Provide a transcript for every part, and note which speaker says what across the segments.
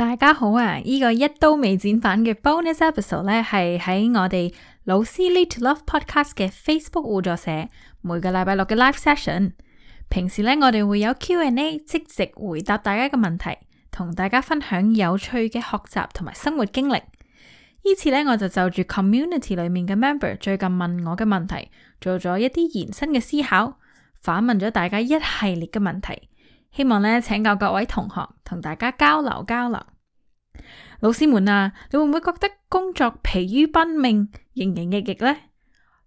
Speaker 1: 大家好啊！呢、這個一刀未剪版嘅 bonus episode 咧，係喺我哋老師 Lead To Love Podcast 嘅 Facebook 互助社每個禮拜六嘅 live session。平時咧，我哋會有 Q and A，即席回答大家嘅問題，同大家分享有趣嘅學習同埋生活經歷。次呢次咧，我就就住 community 裏面嘅 member 最近問我嘅問題，做咗一啲延伸嘅思考，反問咗大家一系列嘅問題。希望咧，請教各位同學同大家交流交流。老師們啊，你會唔會覺得工作疲於奔命、營營役役呢？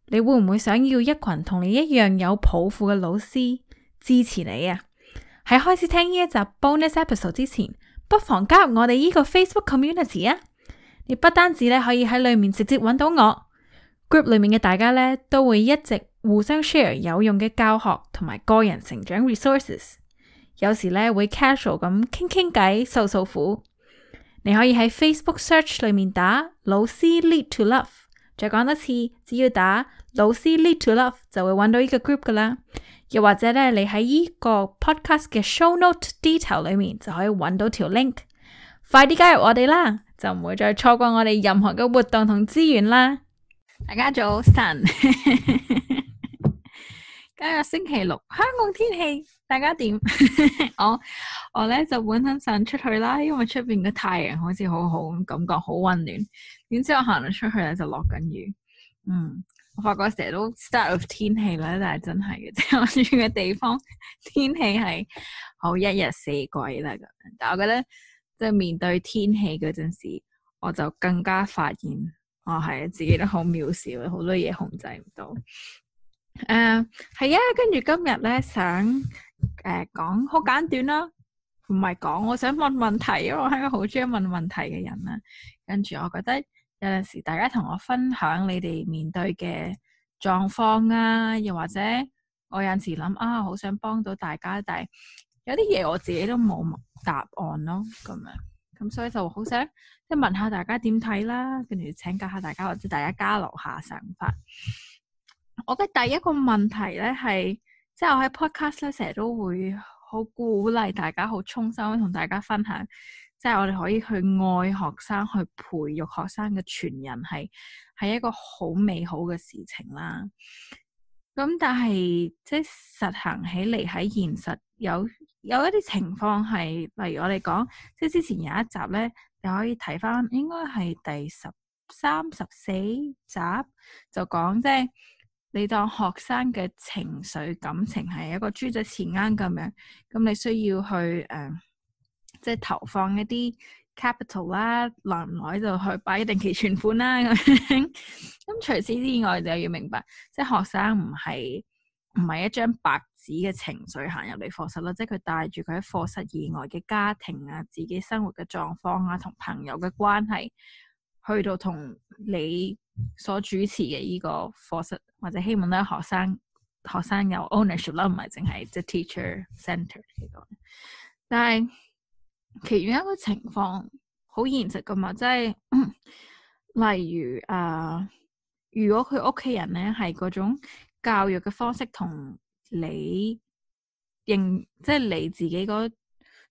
Speaker 1: 你會唔會想要一群同你一樣有抱負嘅老師支持你啊？喺開始聽呢一集 Bonus Episode 之前，不妨加入我哋呢個 Facebook Community 啊！你不單止咧可以喺裏面直接揾到我，group 裏面嘅大家咧都會一直互相 share 有用嘅教學同埋個人成長 resources。有時咧會 casual 咁傾傾偈、訴訴苦。你可以喺 Facebook search 裏面打老師 lead to love，再講多次，只要打老師 lead to love 就會揾到呢個 group 噶啦。又或者咧，你喺依個 podcast 嘅 show note detail 裏面就可以揾到條 link。快啲加入我哋啦，就唔會再錯過我哋任何嘅活動同資源啦。大家早晨， 今日星期六，香港天氣。大家點？ 我我咧就本身想出去啦，因為出邊嘅太陽好似好好，感覺好溫暖。點知我行咗出去咧就落緊雨。嗯，我發覺成日都 start of 天氣咧，但係真係嘅，即係我住嘅地方天氣係好一日四季啦咁。但係我覺得即係面對天氣嗰陣時，我就更加發現我係、哦、自己都好渺小，好多嘢控制唔到。誒、uh，係啊，跟住今日咧想。誒，講好，呃，簡短啦，啊，唔係講，我想問問題，啊，因為我係一個好中意問問題嘅人啦，啊。跟住我覺得有陣時大家同我分享你哋面對嘅狀況啊，又或者我有陣時諗啊，好想幫到大家，但係有啲嘢我自己都冇答案咯，咁樣咁所以就好想即係問下大家點睇啦，跟住請教下大家或者大家交流下想法。我嘅第一個問題咧係。即係我喺 podcast 咧，成日都會好鼓勵大家，好衷心同大家分享，即係我哋可以去愛學生，去培育學生嘅傳人，係係一個好美好嘅事情啦。咁但係即係實行起嚟，喺現實有有一啲情況係，例如我哋講，即係之前有一集咧，你可以睇翻，應該係第十三、十四集就講即係。你當學生嘅情緒感情係一個豬仔錢罌咁樣，咁你需要去誒、呃，即係投放一啲 capital 啦，耐唔耐就去擺一定期存款啦，咁除此之外，你就要明白，即係學生唔係唔係一張白紙嘅情緒行入嚟課室咯，即係佢帶住佢喺課室以外嘅家庭啊、自己生活嘅狀況啊、同朋友嘅關係，去到同你。所主持嘅呢個課室，或者希望咧，學生學生有 ownership 啦，啊，唔係淨係即係 teacher center e、啊、嚟講。但係其中一個情況好現實噶嘛，即係 例如誒、呃，如果佢屋企人咧係嗰種教育嘅方式同你認即係你自己嗰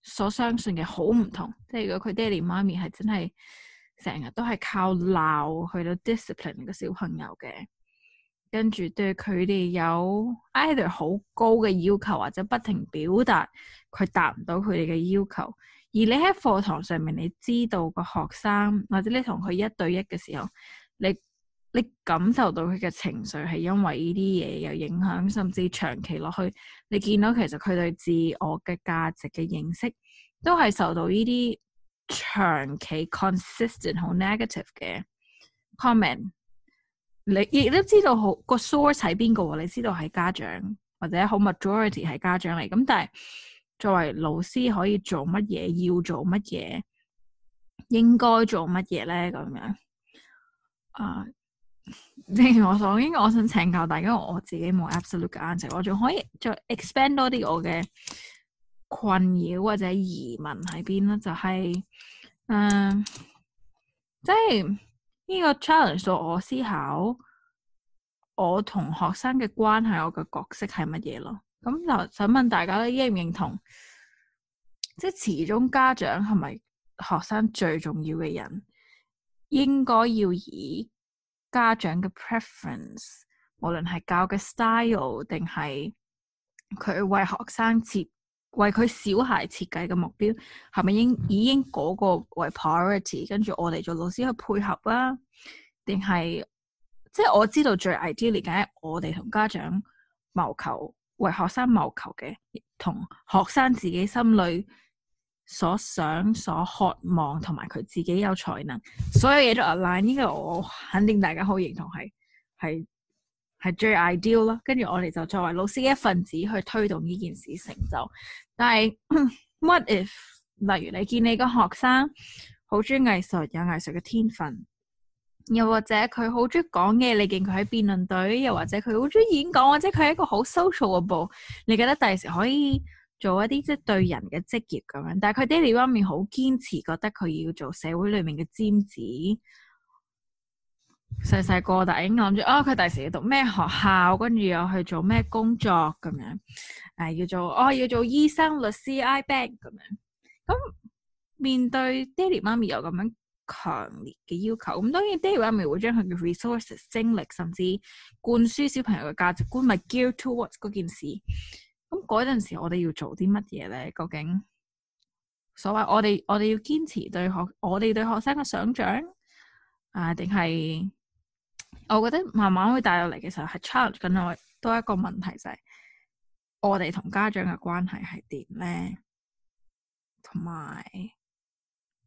Speaker 1: 所相信嘅好唔同，即係如果佢爹哋媽咪係真係。成日都係靠鬧去到 discipline 個小朋友嘅，跟住對佢哋有 either 好高嘅要求，或者不停表達佢達唔到佢哋嘅要求。而你喺課堂上面，你知道個學生，或者你同佢一對一嘅時候，你你感受到佢嘅情緒係因為呢啲嘢有影響，甚至長期落去，你見到其實佢對自我嘅價值嘅認識都係受到呢啲。長期 consistent 好 negative 嘅 comment，你亦都知道好個 source 喺邊個，你知道係家長或者好 majority 係家長嚟，咁但係作為老師可以做乜嘢，要做乜嘢，應該做乜嘢咧？咁樣啊，即係我想，我想請教大家，我自己冇 absolute 嘅 answer 我仲可以就 expand 多啲我嘅。困擾或者疑問喺邊咧？就係、是、誒、呃，即係呢、這個 challenge 我思考我同學生嘅關係，我嘅角色係乜嘢咯？咁就想問大家咧，認唔認同？即係始終家長係咪學生最重要嘅人？應該要以家長嘅 preference，無論係教嘅 style 定係佢為學生設。為佢小孩設計嘅目標係咪應已經嗰個為 priority？跟住我哋做老師去配合啦、啊？定係即係我知道最 ideal 嘅，我哋同家長謀求為學生謀求嘅，同學生自己心裏所想、所渴望同埋佢自己有才能，所有嘢都 align。呢個我肯定大家好認同係係。係最 ideal 咯，跟住我哋就作為老師嘅一份子去推動呢件事成就。但係 what if，例如你見你個學生好鍾意藝術，有藝術嘅天分，又或者佢好鍾意講嘢，你見佢喺辯論隊，又或者佢好鍾意演講，或者佢係一個好 social 嘅部，你覺得第時可以做一啲即係對人嘅職業咁樣？但係佢爹哋媽咪好堅持，覺得佢要做社會裏面嘅尖子。細細個就已經諗住，啊，佢第時要讀咩學校，跟住又去做咩工作咁樣，誒、呃，要做，我、哦、要做醫生、律師、I Bank 咁樣。咁面對爹哋媽咪有咁樣強烈嘅要求，咁當然爹哋媽咪會將佢嘅 resources、精力，甚至灌輸小朋友嘅價值觀，咪 gear towards 嗰件事。咁嗰陣時，我哋要做啲乜嘢咧？究竟所謂我哋我哋要堅持對學，我哋對學生嘅想象，啊、呃，定係？我覺得慢慢會帶落嚟嘅時候係 challenge 緊我多一個問題，就係我哋同家長嘅關係係點咧？同埋，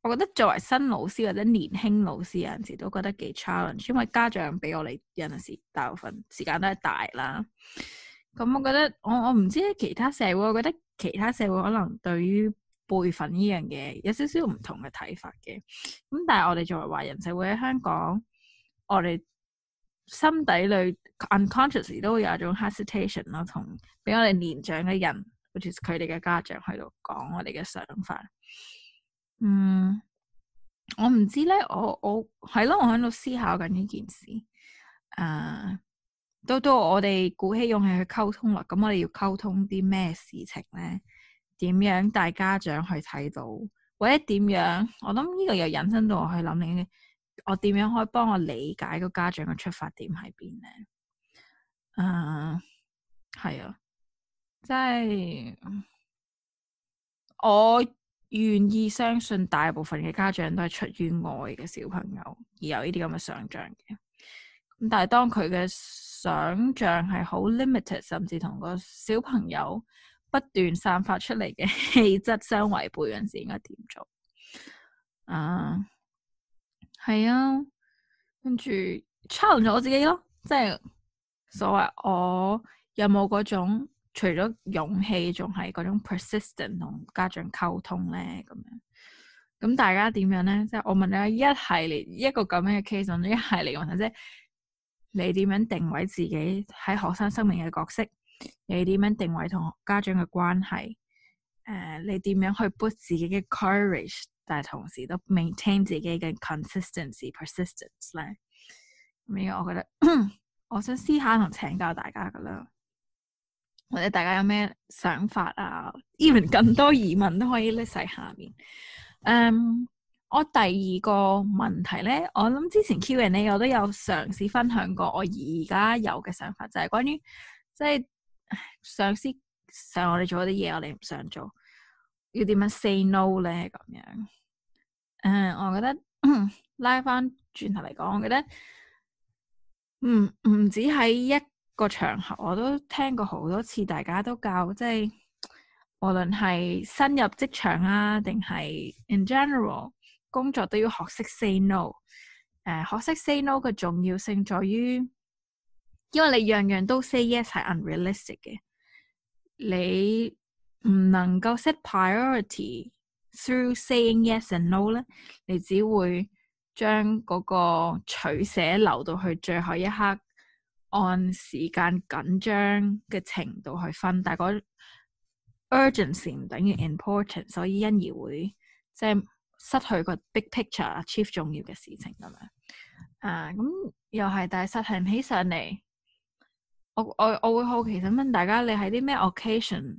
Speaker 1: 我覺得作為新老師或者年輕老師，有陣時都覺得幾 challenge，因為家長俾我哋有陣時大部分時間都係大啦。咁、嗯，我覺得我我唔知其他社會，我覺得其他社會可能對於輩份呢樣嘢有少少唔同嘅睇法嘅。咁但係我哋作為華人社會喺香港，我哋。心底裏 unconsciously 都會有一種 hesitation 咯，同俾我哋年長嘅人，或者佢哋嘅家長喺度講我哋嘅想法。嗯，我唔知咧，我我係咯，我喺度思考緊呢件事。誒、uh，到到我哋鼓起勇氣去溝通啦，咁我哋要溝通啲咩事情咧？點樣帶家長去睇到，或者點樣？我諗呢個又引申到我去諗另一。我點樣可以幫我理解個家長嘅出發點喺邊咧？啊，係啊，即係我願意相信大部分嘅家長都係出於愛嘅小朋友而有呢啲咁嘅想象嘅。咁但係當佢嘅想象係好 limited，甚至同個小朋友不斷散發出嚟嘅氣質相違背嗰陣時，應該點做？啊、uh, 係啊，跟住 challenge 我自己咯，即係所謂我有冇嗰種除咗勇氣，仲係嗰種 persistent 同家長溝通咧咁樣。咁大家點樣咧？即係我問你啊，一系列一個咁樣嘅 case，仲一系列問題你問，即係你點樣定位自己喺學生生命嘅角色？你點樣定位同家長嘅關係？誒、呃，你點樣去 boost 自己嘅 courage？但係同時都 maintain 自己嘅 consistency persistence 咧，咁呢我覺得我想思下同請教大家咁樣，或者大家有咩想法啊？even 更多疑問都可以 list 喺下面。嗯、um，我第二個問題咧，我諗之前 Q&A 呢，我都有嘗試分享過我而家有嘅想法，就係、是、關於即係、就是、上司就我哋做啲嘢我哋唔想做，要點樣 say no 咧？咁樣。嗯，uh, 我覺得 拉翻轉頭嚟講，我覺得唔唔止喺一個場合，我都聽過好多次，大家都教即係、就是、無論係新入職場啊，定係 in general 工作都要學識 say no。誒、呃，學識 say no 嘅重要性在於，因為你樣樣都 say yes 係 unrealistic 嘅，你唔能夠 set priority。Through saying yes and no 咧，你只會將嗰個取捨留到去最後一刻，按時間緊張嘅程度去分。但係嗰 urgency 唔等於 important，所以因而會即係失去個 big picture 啊，chief 重要嘅事情咁樣。啊，咁又係，但係實行起上嚟，我我我會好奇想問問大家，你喺啲咩 occasion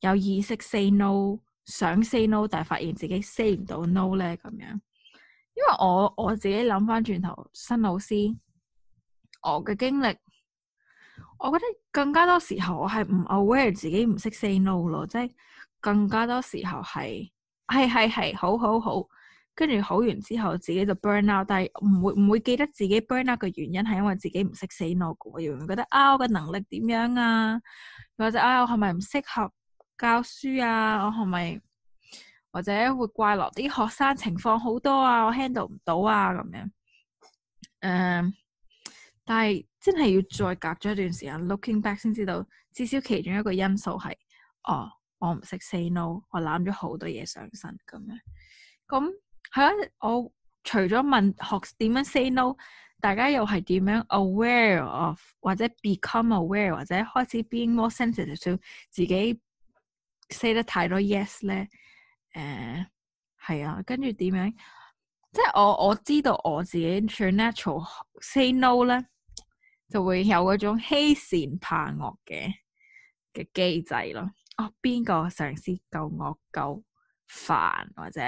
Speaker 1: 有意識 say no？想 say no，但係發現自己 say 唔到 no 咧咁樣，因為我我自己諗翻轉頭新老師我嘅經歷，我覺得更加多時候我係唔 aware 自己唔識 say no 咯，即係更加多時候係係係係好好好，跟住好,好完之後自己就 burn out，但係唔會唔會記得自己 burn out 嘅原因係因為自己唔識 say no 嘅，我會唔會覺得啊我嘅能力點樣啊，或者啊我係咪唔適合？教書啊，我係咪或者會怪落啲學生情況好多啊？我 handle 唔到啊咁樣。誒、嗯，但係真係要再隔咗一段時間 looking back 先知道，至少其中一個因素係，哦，我唔識 say no，我攬咗好多嘢上身咁樣。咁係啊，我除咗問學點樣 say no，大家又係點樣 aware of 或者 become aware 或者開始 being more sensitive to 自己，say 得太多 yes 咧、呃，誒，係啊，跟住點樣？即係我我知道我自己 natural say no 咧，就會有嗰種欺善怕惡嘅嘅機制咯。哦，邊個嘗試夠惡夠煩或者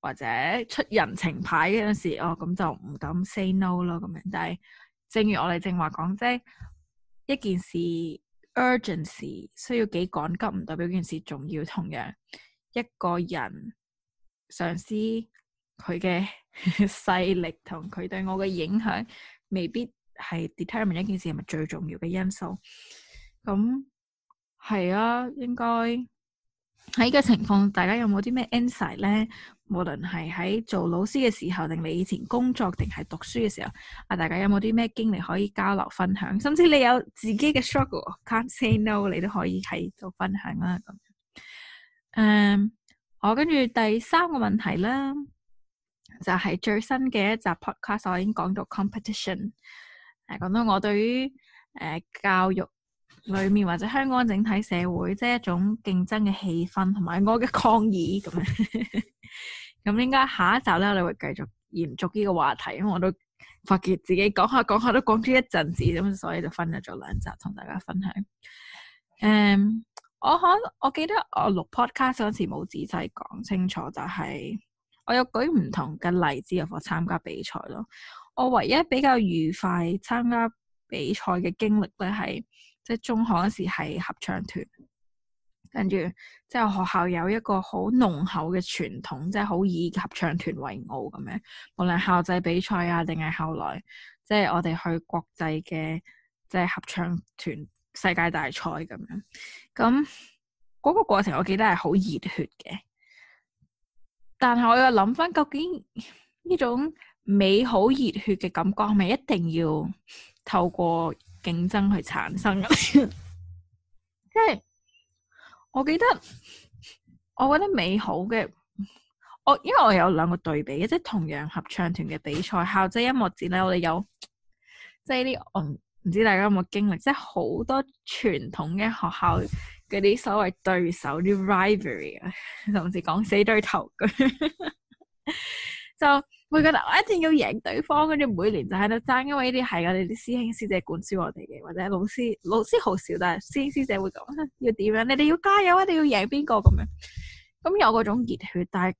Speaker 1: 或者出人情牌嗰陣時，哦咁就唔敢 say no 咯。咁樣，但係正如我哋正話講即係一件事。Urgency 需要幾趕急唔代表件事重要，同樣一個人上司佢嘅勢力同佢對我嘅影響，未必係 determine 一件事係咪最重要嘅因素。咁係啊，應該喺依個情況，大家有冇啲咩 insight 咧？無論係喺做老師嘅時候，定你以前工作，定係讀書嘅時候，啊，大家有冇啲咩經歷可以交流分享？甚至你有自己嘅 struggle，can't say no，你都可以喺度分享啦咁。誒、嗯，好，我跟住第三個問題啦，就係、是、最新嘅一集 podcast，我已經講到 competition，誒，講到我對於誒、呃、教育。裏面或者香港整體社會，即係一種競爭嘅氣氛，同埋我嘅抗議咁樣。咁 應該下一集咧，我哋會繼續延續呢個話題，因為我都發覺自己講下講下都講咗一陣子，咁所以就分咗做兩集同大家分享。嗯、um,，我可我記得我錄 podcast 嗰時冇仔細講清楚，就係我有舉唔同嘅例子入去參加比賽咯。我唯一比較愉快參加比賽嘅經歷咧係。即係中學嗰時係合唱團，跟住即係學校有一個好濃厚嘅傳統，即係好以合唱團為傲咁樣，無論校際比賽啊，定係後來即係我哋去國際嘅即係合唱團世界大賽咁樣，咁嗰個過程我記得係好熱血嘅，但係我又諗翻，究竟呢種美好熱血嘅感覺係咪一定要透過？競爭去產生嘅， 即係我記得，我覺得美好嘅，我因為我有兩個對比，即係同樣合唱團嘅比賽，校際音樂節咧，我哋有即係呢啲，我唔知大家有冇經歷，即係好多傳統嘅學校嗰啲所謂對手啲 rivalry，甚至講死對頭就。 會覺得我一定要贏對方，跟住每年就喺度爭，因為呢啲係我哋啲師兄師姐灌輸我哋嘅，或者老師老師好少，但係師兄師姐會講，要點樣？你哋要加油啊！你要贏邊個咁樣？咁有嗰種熱血，但係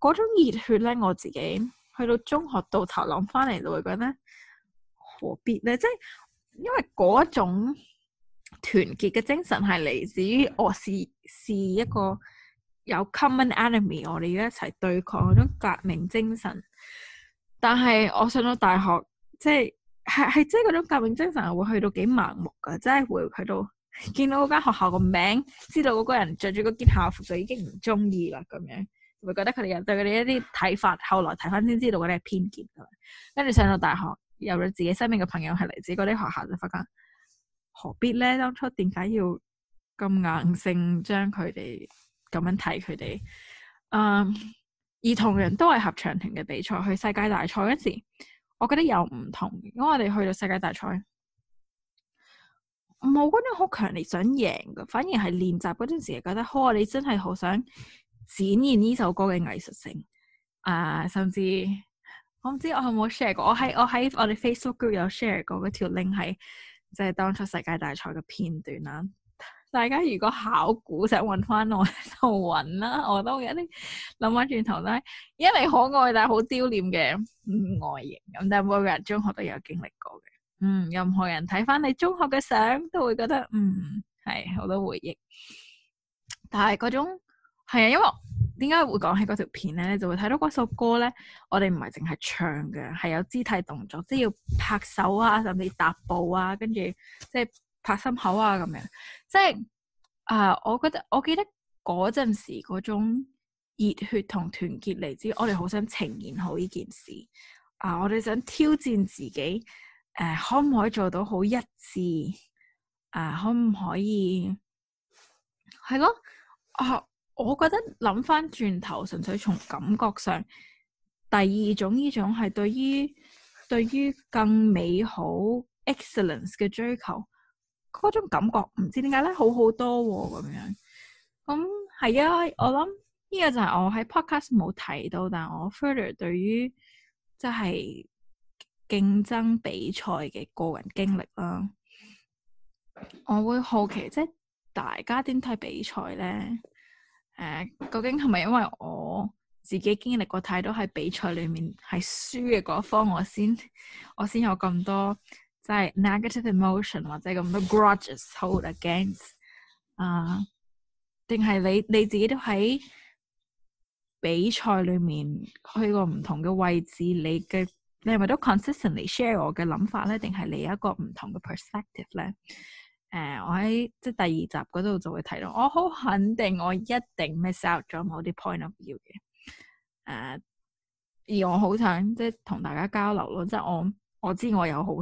Speaker 1: 嗰種熱血咧，我自己去到中學到頭諗翻嚟就會覺得呢，何必咧？即係因為嗰種團結嘅精神係嚟自於我，是是一個。有 common enemy，我哋要一齊對抗嗰種革命精神。但係我上到大學，即係係係即係嗰種革命精神，係會去到幾盲目噶，即係會去到見到嗰間學校個名，知道嗰個人着住件校服就已經唔中意啦，咁樣會覺得佢哋有對佢哋一啲睇法。後來睇翻先知道嗰啲係偏見。跟住上到大學，有咗自己身邊嘅朋友係嚟自嗰啲學校，就發覺何必咧？當初點解要咁硬性將佢哋？咁樣睇佢哋，嗯、um，而同樣都係合唱團嘅比賽去世界大賽嗰時，我覺得有唔同，因為我哋去到世界大賽，冇嗰種好強烈想贏嘅，反而係練習嗰陣時，覺得，呵，你真係好想展現呢首歌嘅藝術性啊！Uh, 甚至我唔知我有冇 share 過，我喺我喺我哋 Facebook group 有 share 過嗰條 link，係即係當初世界大賽嘅片段啦。大家如果考古想揾翻我，就揾啦。我都有啲諗翻轉頭咧，因為你可愛但係好丟臉嘅外形咁，但係每個人中學都有經歷過嘅。嗯，任何人睇翻你中學嘅相都會覺得嗯，係好多回憶。但係嗰種係啊，因為點解會講起嗰條片咧，就會睇到嗰首歌咧，我哋唔係淨係唱嘅，係有肢體動作，即係要拍手啊，甚至踏步啊，跟住即係。發心口啊，咁樣，即係啊，我覺得我記得嗰陣時嗰種熱血同團結嚟之，我哋好想呈現好呢件事啊，呃，我哋想挑戰自己，誒、呃，可唔可以做到好一致？啊，呃，可唔可以？係咯，啊，呃，我覺得諗翻轉頭，純粹從感覺上，第二種呢種係對於對於更美好 excellence 嘅追求。嗰種感覺唔知點解咧，好好多咁、哦、樣，咁係啊！我諗呢個就係我喺 Podcast 冇提到，但我 further 對於即係競爭比賽嘅個人經歷啦，我會好奇，即係大家點睇比賽咧？誒、呃，究竟係咪因為我自己經歷過太多喺比賽裏面係輸嘅嗰方，我先我先有咁多？即係 negative emotion 或者咁多 grudges hold against 啊，定係你你自己都喺比賽裏面去過唔同嘅位置，你嘅你係咪都 consistently share 我嘅諗法咧？定係你有一個唔同嘅 perspective 咧？誒、啊，我喺即係第二集嗰度就會睇到，我好肯定我一定 miss out 咗某啲 point of view 嘅、啊、誒，而我好想即係同大家交流咯，即係我。我知我有好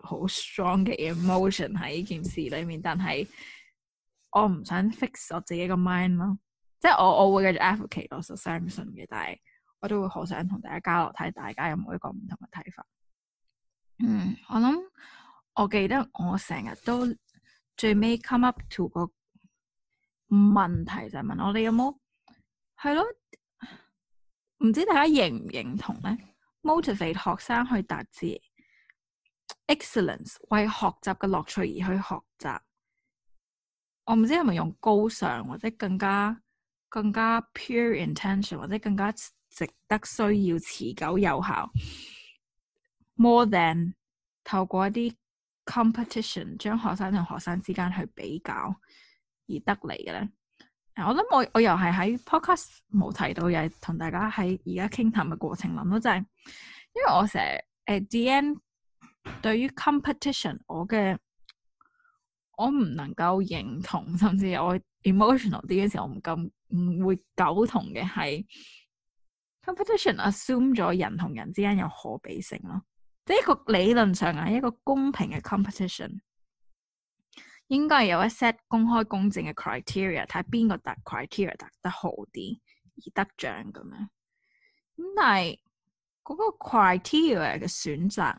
Speaker 1: 好 strong 嘅 emotion 喺呢件事裏面，但係我唔想 fix 我自己個 mind 咯，即係我我會繼續 advocate 我相信嘅，但係我都會好想同大家交流，睇大家有冇一個唔同嘅睇法。嗯，我諗我記得我成日都最尾 come up to 個問題就係問我哋有冇係咯，唔知大家認唔認同咧？motivate 學生去達志。」excellence 為學習嘅樂趣而去學習，我唔知係咪用高尚或者更加更加 pure intention 或者更加值得需要持久有效 ，more than 透過一啲 competition 將學生同學生之間去比較而得嚟嘅咧，我諗我我又係喺 podcast 冇提到又係，同大家喺而家傾談嘅過程諗咗陣，就係，因為我成日 at the end。對於 competition，我嘅我唔能夠認同，甚至我 emotional 啲嘅時候，我唔敢唔會苟同嘅係 competition assume 咗人同人之間有可比性咯。即係一個理論上係一個公平嘅 competition 應該係有一 set 公開公正嘅 criteria，睇邊個達 criteria 達得好啲而得獎咁樣。咁但係嗰個 criteria 嘅選擇。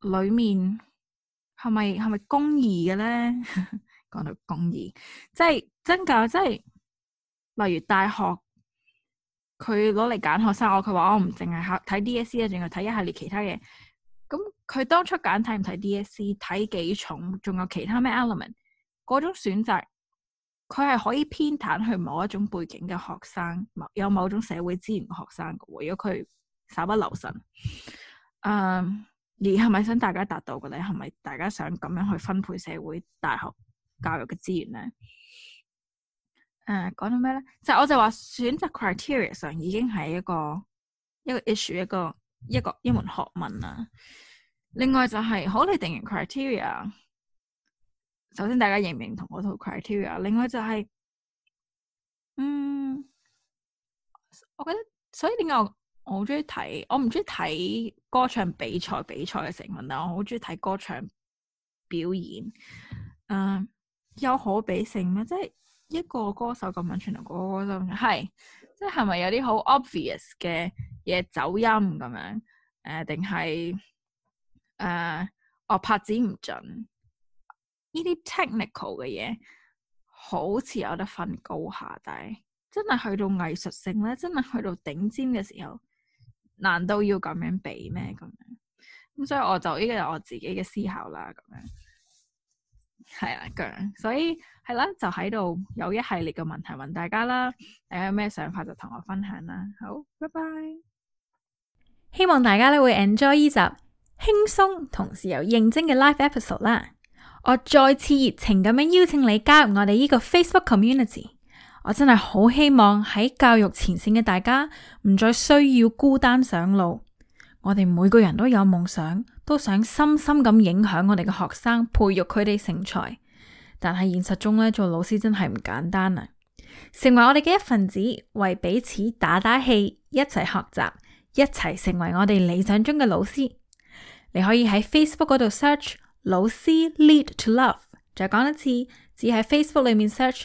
Speaker 1: 裏面係咪係咪公義嘅咧？講 到公義，即係真㗎，即係例如大學佢攞嚟揀學生，我佢話我唔淨係考睇 D.S.C.，淨係睇一系列其他嘢。咁佢當初揀睇唔睇 D.S.C.，睇幾重，仲有其他咩 element？嗰種選擇，佢係可以偏袒去某一種背景嘅學生，有某一種社會資源嘅學生嘅。如果佢稍不留神，嗯、uh,。而係咪想大家達到嘅咧？係咪大家想咁樣去分配社會大學教育嘅資源咧？誒、呃，講到咩咧？就係、我就話選擇 criteria 上已經係一個一個 issue，一個一個一門學問啦。另外就係、是，好，你定型 criteria？首先大家認唔認同我套 criteria？另外就係、是，嗯，我覺得所以點解我。我好中意睇，我唔中意睇歌唱比賽比賽嘅成分，但我好中意睇歌唱表演。誒、呃、有可比性咩？即係一個，個歌手咁樣，全同個個都係，即係咪有啲好 obvious 嘅嘢走音咁樣？誒定係誒我拍子唔準？呢啲 technical 嘅嘢好似有得分高下，但係真係去到藝術性咧，真係去到頂尖嘅時候。難道要咁樣俾咩咁樣？咁所以我就呢個我自己嘅思考啦，咁樣係啦，咁所以係啦，就喺度有一系列嘅問題問大家啦。大家有咩想法就同我分享啦。好，拜拜。希望大家咧會 enjoy 呢集輕鬆同時又認真嘅 live episode 啦。我再次熱情咁樣邀請你加入我哋呢個 Facebook community。我真係好希望喺教育前線嘅大家唔再需要孤單上路。我哋每個人都有夢想，都想深深咁影響我哋嘅學生，培育佢哋成才。但係現實中咧，做老師真係唔簡單啊！成為我哋嘅一份子，為彼此打打氣，一齊學習，一齊成為我哋理想中嘅老師。你可以喺 Facebook 嗰度 search 老師 Lead To Love。再講一次，只喺 Facebook 裏面 search。